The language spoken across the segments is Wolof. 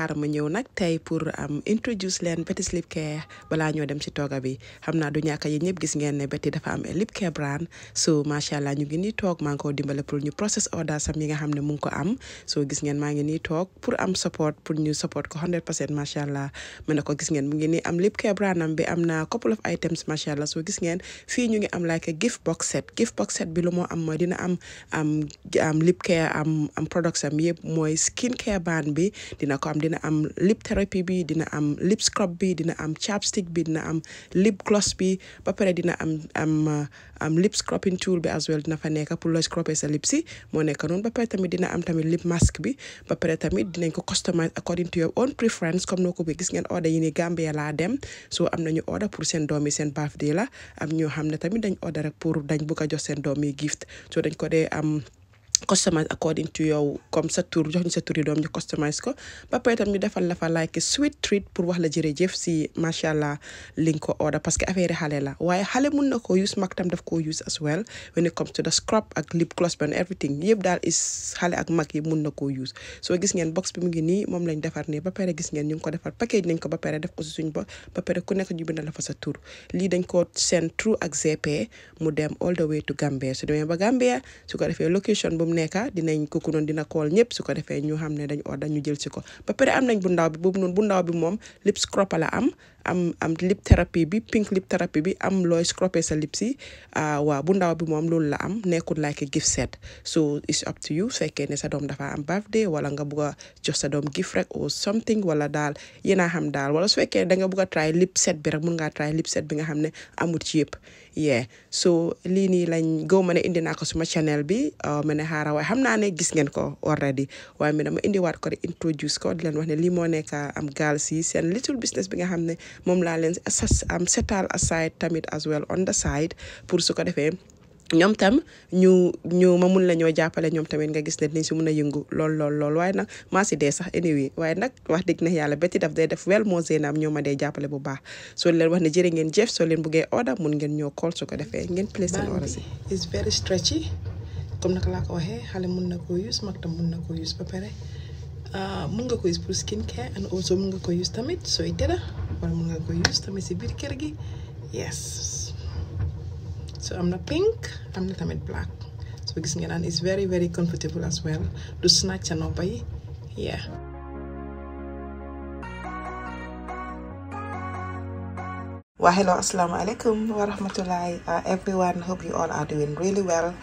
xaaral ma ñëw nag tey pour am um, introduce leen Betty Sleep Care balaa ñoo dem si tooga bi xam naa du ñàkk yéen ñëpp gis ngeen ne Betty dafa am lip care brand so macha ñu ngi nii toog pour am support pour ñu support ko 100 percent macha allah ko gis ngeen mu ngi nii am lip care brand am bi am na couple of items macha so gis ngeen fii ñu ngi am like a gift box set bi lu moo am mooy dina am am lip care am products am yëpp mooy skin care band bi na am lip therapy bi dina am lip scrub bi dina am chapstick bi dina am lip gloss bi ba pare dina am am uh, am lip scrubbing tool bi as well dina fa nekk pour looy scrubber sa lip si moo nekk noonu ba pare tamit dina am tamit lip mask bi ba pare tamit dinañ ko customize according to your comme gis ngeen order yi dem so am nañu order pour seen doom yi seen birthday la am ñoo xam ne tamit dañ order rek pour dañ bëgg a jox seen doom yi gift so dañ ko dee am customize according to yow comme sa tur jox ñu sa tur yi doom ñu customize ko ba pare itam ñu defal la like sweet treat pour wax la jërëjëf si macha allah li ko order parce que affaire xale la waaye xale mun na ko use mag tam daf ko use as well when it comes to the scrub ak lip gloss and everything yëpp daal is xale ak mag yi mun na ko use so gis ngeen box bi mu ngi nii moom lañ defar nii ba pare gis ngeen ñu ngi ko defar package nañ ko ba pare def ko si suñ ba ku nekk ñu dañ ko seen true ak GP mu dem all the way to Gambia ba Gambia su ko defee location mu nekka dinañ kooku noon dina kool ñëpp su ko defee ñu xam ne dañ order ñu jël si ko ba am nañ bu ndaw bi boobu noonu bu ndaw bi moom lips scrub la am am am lip therapy bi pink lip therapy bi am looy scraper sa lips yi ah, waaw bu ndaw bi moom loolu la am nekkul like a gift set so it's up to you fekkee ne sa dom dafa am birthday wala nga just a jox sa gift rek or something wala dal yena a xam daal wala su da nga try lip set bi rek try lip set bi nga xam ne amut ci yeah so lii nii lañ go mane ne indi naa suma channel bi ah, ma ne xaaral waaye xam ne gis ngeen ko already waaye ma ne ma wat ko introduce ko di leen wax ne lii am gaal si seen little business bi nga moom laa leen am setal aside tamit as well on the side pour su ko defee ñoom tam ñu ñu ma mun la ñoo jàppale ñoom tamit nga gis ne dinañ si mun a yëngu lool lool lool waaye nag maa si dee sax anyway waaye nag wax dëgg na yàlla bétti daf day def wel moo zénaam ñoo ma dee jàppale bu baax soo leen wax ne jërë ngeen jëf soo leen buggee order mun ngeen ñoo call su ko defee ngeen place seen order si is very stretchy laa ko waxee xale mun na ko use tam mun na ko use ba pare ah, mun nga ko use pour skin nga ko tamit sooy tëdda Wala mo nga ko si yes so am not pink am na tamit black so gis ngeen is it's very very comfortable as well Do snatch and noppa yeah Wa hello, assalamu alaikum wa rahmatullahi, uh, everyone. Hope you all are doing really well.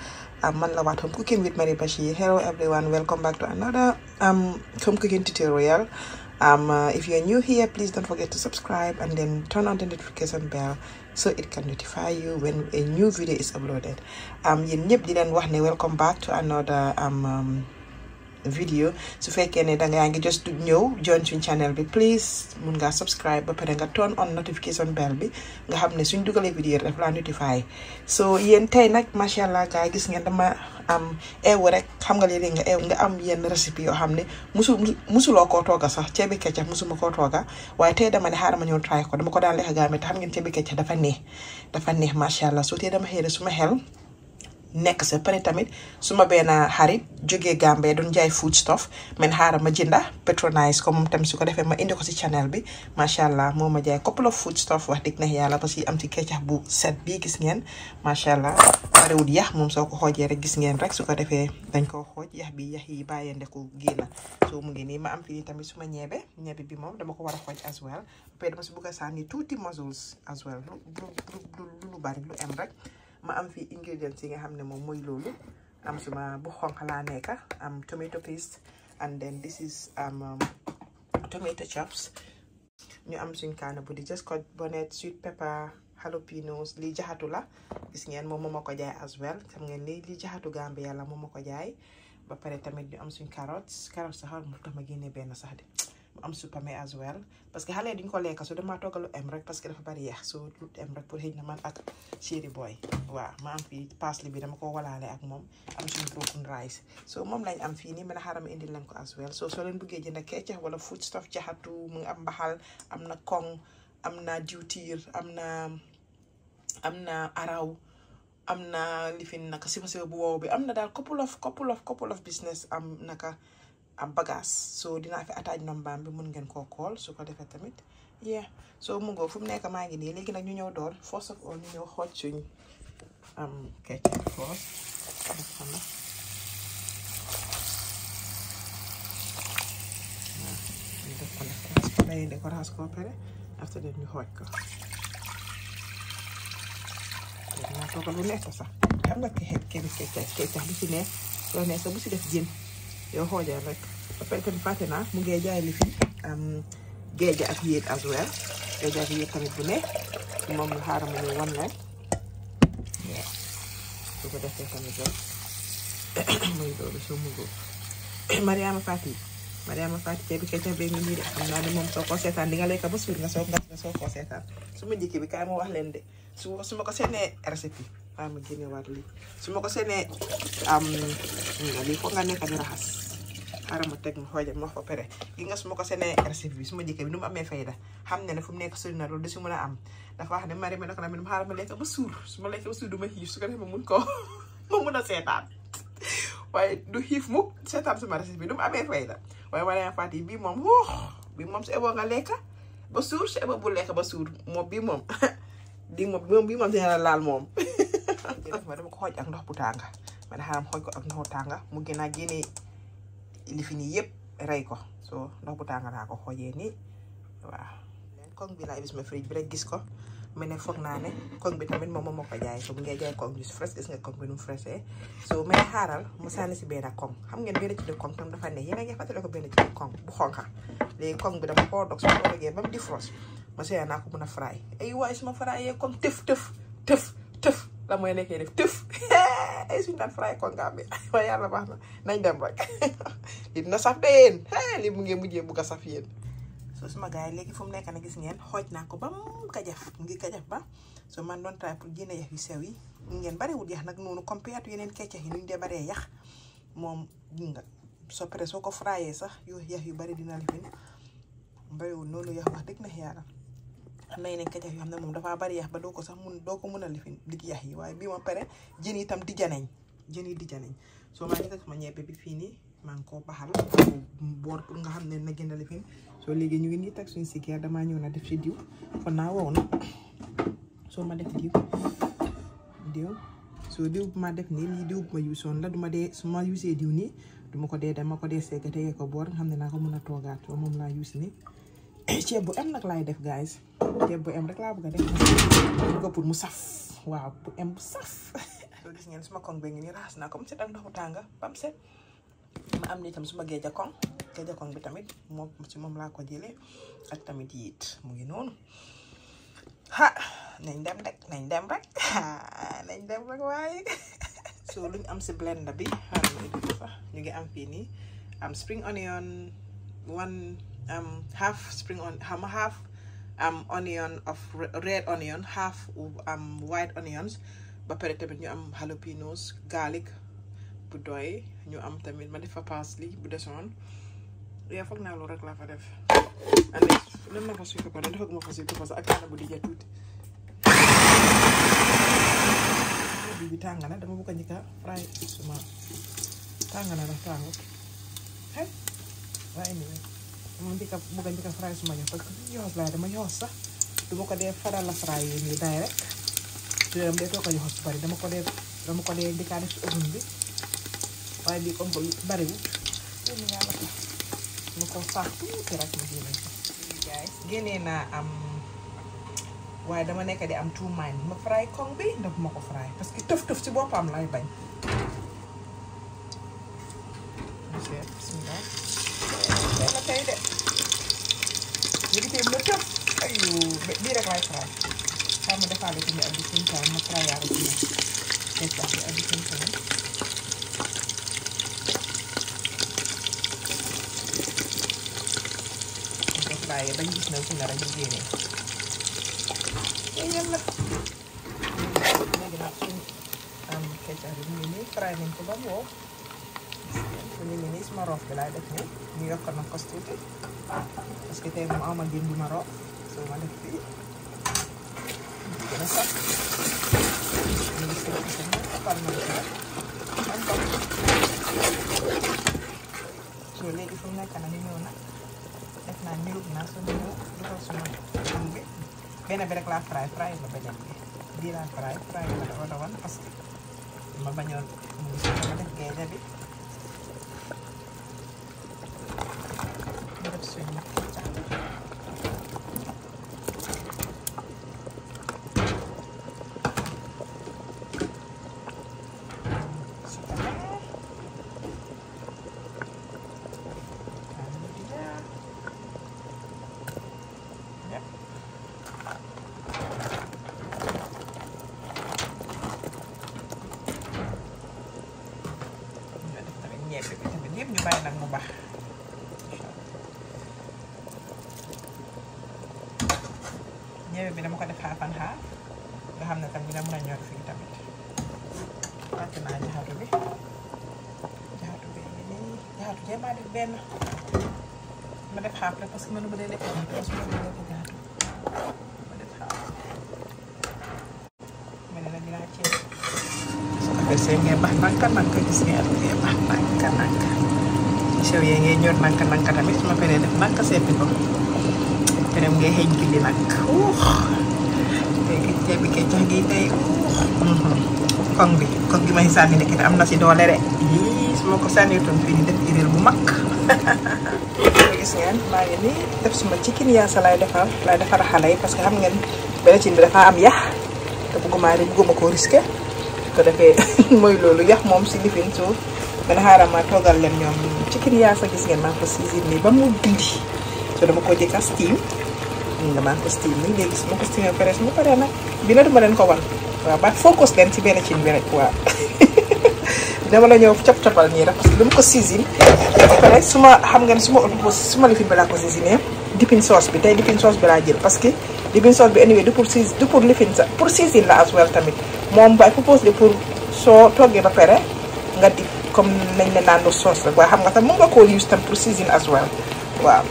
i Um, man Lawat Home Cooking with Mary Bashir. Hello, everyone. Welcome back to another um, home cooking tutorial um, uh, if you're new here please don't forget to subscribe and then turn on the notification bell so it can notify you when a new video is uploaded um yeen ñëpp welcome back to another um, um video su fekkee ne yaa ngi just ñëw join suñ channel bi please mun nga subscribe ba pare nga turn on notification bell bi nga xam ne suñ dugalee video daf laa notify so yéen tey nag macha allah gaa gis ngeen dama am eewu rek xam nga léeg-léeg nga am yenn recipe yoo xam ne musu musuloo koo tooga sax ceebi keccax musuma koo tooga waaye tey dama ne xaaral ma ñëw try ko dama ko daan lekk gaa mi te xam ngeen ceebi keccax dafa neex dafa neex macha allah so tey dama xëy su ma xel nekk sa pare tamit suma bena harit gambe Gambie doon jay food stuff men xaaral ma jinda ko mom tam su ko ma indi ko ci channel bi machallah moma jay couple of food stuff wax dik neex yalla parce am ci bu set bi gis ngén machallah allah barewul yah mom soko xojé rek gis ngén rek su ko defee dañ ko xoj yah bi yah yi ko gina so mu ngi ni ma am ni tamit suma ñébé ñébé bi mom, dama ko wara xoj as well dama si bëgg a sànni muscles as well lu lu lu lu bari lu em rek ma am fii ingredients yi nga xam ne moom mooy loolu am suma bu xonq laa nekk am tomato paste and then this is am um, tomato chops ñu am suñ kaana bu di just ko bonnet sweet pepper jalapenos lii jaxatu la gis ngeen moom moo ma ko jaay as well kam ngeen lii lii jaxatu Gambia la moom ma ko jaay ba pare tamit ñu am suñ carottes carottes sax mu tax ma génne benn sax de mu am supame as well parce que xale duñ ko lekka so dama toggalu em rek parce que dafa bari so lu em rek pour xëy na man ak chéri boy waaw ma am bi dama ko walaale ak moom am moom lañ am fii nii ma indil leen ko as well so soo leen bëggee jënd kecax wala food stuff jaxatu mu am mbaxal am na kong am na diwtiir am na am na araw am na lifin naka sifa sifa bu wow bi am na daal couple of business am naka am bagas so dina fi attaaj nombam bi mën ngeen ko kool su ko defé tamit yeah so mu go fu nekk ma ngi ni léegi nak ñu ñew door force of all ñu ñew xoj suñ am def ko ko ko after that ñu xooj ko dinaa toogal lu nekk sax xam nga kexe kenn kecax yo xoojal rek ba fekkee ne fàtte mu ngey jaay li fi am géej ak yeet as well géej ak yeet tamit bu ne mom lu haram ni won la leen ko defé tamit do muy do soo mu go Mariama Fati Mariama Fati ceeb bi ke kecax be ngi ni de na ni mom soko setan di nga lay ka bu suur nga so nga so ko setan suma jikki bi kay mo wax len de su su ma ko seenee recette yi waaw ma génne waat lii su ma ko seenee lii nga nekk ni rahas xaaral ma teg ma xooj wax ba pere gi nga suma ko seenee recette bi su ma bi nu amé fayda xamné na fu nekk sori na loolu du am dafa wax ne mari ma ne ko na ma xaaral ma ba sour suma ma ba sour duma ma su ko defee ma mun ko ma mun a seetaan du xiif mu seetaan suma recette bi nu amé fayda waaye wala ya ne Faty bi mom wóox bi mom su eboo nga lekk ba sour su eboo bu lekk ba sour mo bi mom di mom bi mom dina mom. laal moom dama ko xooj ak ndox bu tanga man haram xoj ko ak ndox tanga mu gëna gëné indi fi nii yëpp rey ko so ndox bu tàng laa ko xoojee nii waaw. koŋ bi laa gis ma fridge bi rek gis ko mu foog naa ne koŋ bi tamit moom moo ko jaay so mu ngi jaay koŋ juice fresh gis bi nu mu fresh so mu ne xaaral a ngi fàttali koo dog su ma ko dogee ba mu ma seey naa ko mën a fry ay waay su ma fryee comme tëf tëf tëf. la moy nekkee def teuf ay suñu naan fray kongaam bi wa yalla baxna nañ dem rek li na saf de yéen li mu ngeen mujjee bu a saf yeen so suma gaay yi fum nekk na gis ngeen xoj naa ko ba mu kajaf mu ngi kajaf ba so man don try pour génne yax yu sew yi ngeen bari wul yah nak nonu to yenen keccax yi ñu dee baree yax mom nga so pare soo ko frayé sax yu yax yu bari dina lifin bayu nonu yax wax dëgg na yàlla am na yeneen kacax yo xam mom dafa bari yah ba doko sax mun doko lifin dig yah yi waye bi ma pare tam dijaneñ jën yi dijaneñ so ma ngi teg sama ñebe bi fi ni maa ngi koo baxal boor pour nga na gënal a lifin so léegi ñu ngi ni teg suñu sigeer dama ñëw na def ci diw kon na waw na so ma def diw diw so diw ma def ni li diw bu ma yuusoon la duma dee suma ma diw ni duma ko dee dama ko ko boor nga ko togaat mom la Eh, ceeb ya, bu em nag laay def guys ceeb bu em rek laa bëgg a def bëgg pour mu waaw bu em bu saf soo gis ngeen suma koŋ bee ngi nii raxas naa ko mu set ak ndox bam set ma am ni tam suma géeja kong géeja koŋ bi tamit moom si moom laa ya? ko jëlee ak tamit yiit mu ngi noonu ha nañ dem rek nañ dem rek nañ dem rek waaye so luñ am si blender bi ñu ngi am fii am spring onion one um, half spring on um, half um, onion of re red onion half um, white onions ba pare tamit ñu am jalapenos garlic bu doy ñu am tamit ma def fa parsley bu desson ya foog na lu rek la fa def ande lu ma fa suy ko pare defaguma fa suy ko parce que ak na bu di ja tout bi bi tangana dama bu ko ñika fry suma tangana na tangu hey xëy waaye man bika bugan bika fry suma jox parce que yoos laa dama yoos sax duma ko fry ni day rek su dee dee ko bari dama ko dee dama ko dee oven bi waaye bi comme bari ini apa? nga kau satu ko faax guys gini naa am waaye dama nekk di am two mind mau fry kong bi ndax ma fry Pas kita tëf tëf sih buat lay bañ Okay, bismillah. Tengok saya dek. Ketchup. Ayuh, direct live fry. Saya udah kali ini abisin sama fry harusnya. Terus aku abisin sama. Untuk fry, bagi senang sinar aja gini. Ini lah. Ini dimasukin um, kecap ini, fry ini coba mau. Ini ini semua roh beladak Ini akan kos tuh terus kita yang mau magin di Marok. so mana kita kita ya? masak eh, ini Ini apa namanya mantap Ini di karena ini mana ek na niru na Kita ni mo dito so man fry fry ba bena di la fry fry na wala pasti mabanyo mo gusto kaya dapat après parce que mënu ma dee lekk su ma dee lekk ñaar ma def xaar ma ne la nangka. laa ceeb su ko nga at ngay baax nanka nanka ci sew yee ngay ñor nanka nanka tamit su ma paree def nanka seppi si iril gis ngeen maa ya. ngi nah, nii def suma chicken yaasa lay defar lay defar xale yi parce que xam ngeen kan. benn cin bi dafa am yax te bugguma rek bugguma koo risqué ko defee mooy loolu yax moom si lifin suuf man xaaral ma toogal leen ñoom chicken yaasa gis ngeen maa ko season nii ba mu dindi so dama ko jëkka steam nga maa ko steam nii léegi su ma ko steamee pare ma paree nag dina duma leen ko wan waaw ba focus leen ci benn cin bi rek waaw dama la ñëw cap capal nii rek parce que dama ko cuisine pare su ma xam nga ne su ma su ma lifin bi laa ko cuisiner dipping sauce bi tey dipping sauce bi laa jël parce que dipping sauce bi anyway du pour si du pour lifin sa pour cuisine la as tamit moom baay propose de pour soo toggee ba pare nga dip comme nañ ne naan lu sauce rek waaye xam nga tam mën nga koo use tam pour cuisine as well waaw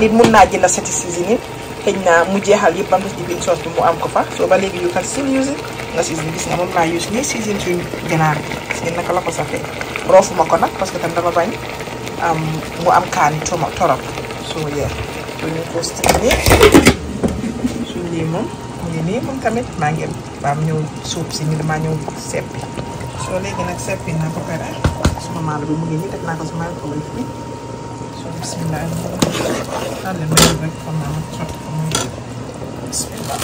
nit mun naa jël la seti cuisine xëy mu jeexal yëpp am ci biir soos bi mu am ko fa soo ba léegi you can still use it nga season gis nga moom use ni season suñu ginaar bi gis ngeen naka la ko safee roofuma ko nag parce que tam dama bañ mu am kaani torop so yeer so ñu ko stimulé suñu lii moom mu ngi nii moom tamit maa ngi baam ñëw suub si ñu damaa ñëw seppi soo léegi nag seppi naa ko pare suma bi mu ngi nii def naa ko sama microwave bi Bismillah.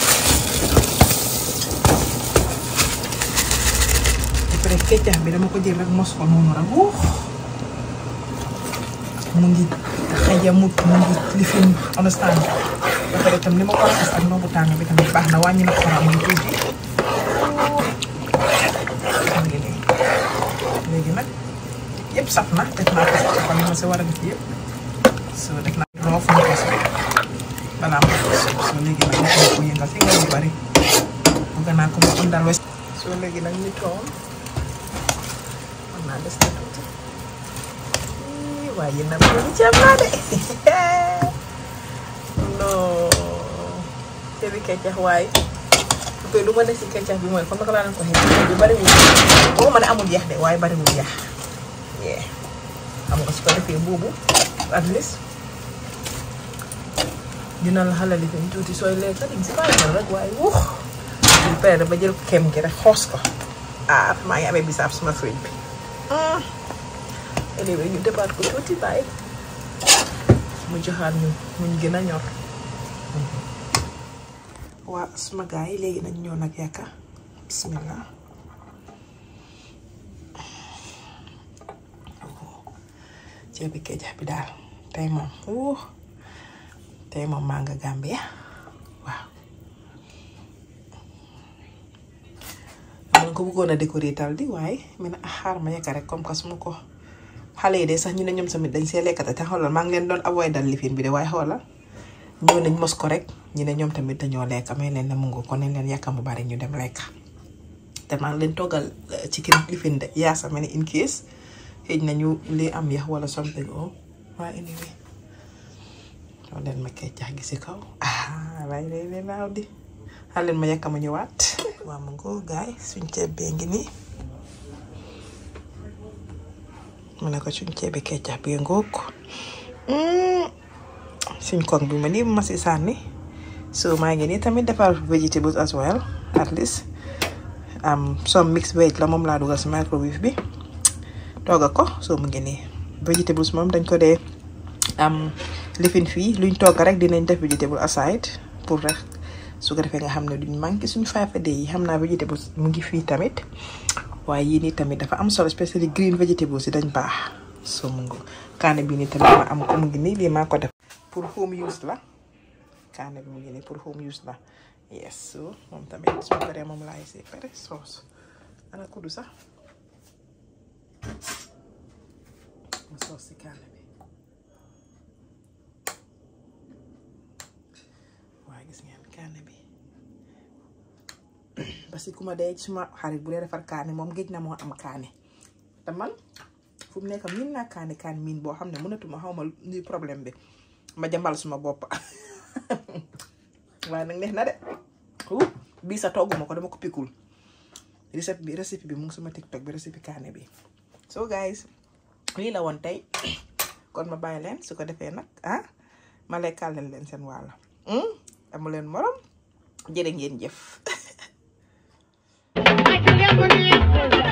ya, mira mo ko mos ko mo nora bu. Mo mo lifin understand. Pero tem ni ma ko no tanga bitan tam na wañi na xara mo tuuti. Legi nak yep saf na na ko So pare bëgg naa ko mu àndal wes soo léegi nag ñu toog mën naa des na tuuti waaye yéen a ngi lu ma des ci keccax bi mooy comme naka laa leen ko waxee bi bariwul boo ma ne amul yax de waaye bariwul yax yeah xam nga su ko defee boobu at least dina halal itu dañ tuuti tadi lekk dañ si bàyyi rek waaye wux suñ père ba kem gi rek xoos ah anyway ñu débat ko tuuti bàyyi mu joxaat ñu muñ gën a ñor waa suma gars yi bismillah oh. tey moom maa nga Gambia waaw am na ko bëggoon a décorer tal di waaye mu ne xaar ma yekk rek comme que su ko xale yi de sax ñu ne ñoom tamit dañ see lekkate te xoolal maa ngi leen doon avoy dal lifin bi de waaye xoolal ñëw nañ mos ko rek ñu ne ñoom tamit dañoo lekk may leen ne mungu ko nañ leen yàkka bari ñu dem lekk te maa ngi leen toggal eh, ci kër lifin de yaasa ma in case xëy nañu li am yax wala something o oh, Alen leen ma kay si kau. ah waaye day day naaw di xaar leen ma yàkka ma ñëwaat waaw mu ngoo gaay suñ ceeb bee ngi nii mu ne ko suñ ceebi kecax bi bi mani ma so maa ngi nii tamit vegetables as well at least um some mixed veg la mom laa dugal si microwave bi Doga ko so mungkin ni vegetables mom dan ko Um, um lifin fi luñ tok rek dinañ def vegetable aside pour rek su ko defé nga xamné duñ manki suñu dé yi xamna vegetable mu ngi fi tamit waye yi ni tamit dafa am solo especially green vegetable ci dañ baax so mu ngi kané bi ni tamit ma am ko mu ngi ni li maa ko def pour home use la kané bi mu ngi ni pour home use la yes so mom tamit su paree moom laay sauce ana kudu sax sauce si kane. bi gis ngeen kaane bi parce que kuma day ci ma xarit bu dee defar kaane mom gejna na am kaane te man fu mu nekk min na kaane kaan min bo xam ne mënatuma xaw ni problème bi ma jambal suma bop wa nak neex na de bi sa togu mako dama ko pikul recipe bi recipe bi mu ngi tiktok bi recipe kaane bi so guys li la won tay kon ma bàyyi suko su nak defee ah, ma ah kalen len sen wala hmm amu leen morom jërë ngeen jëf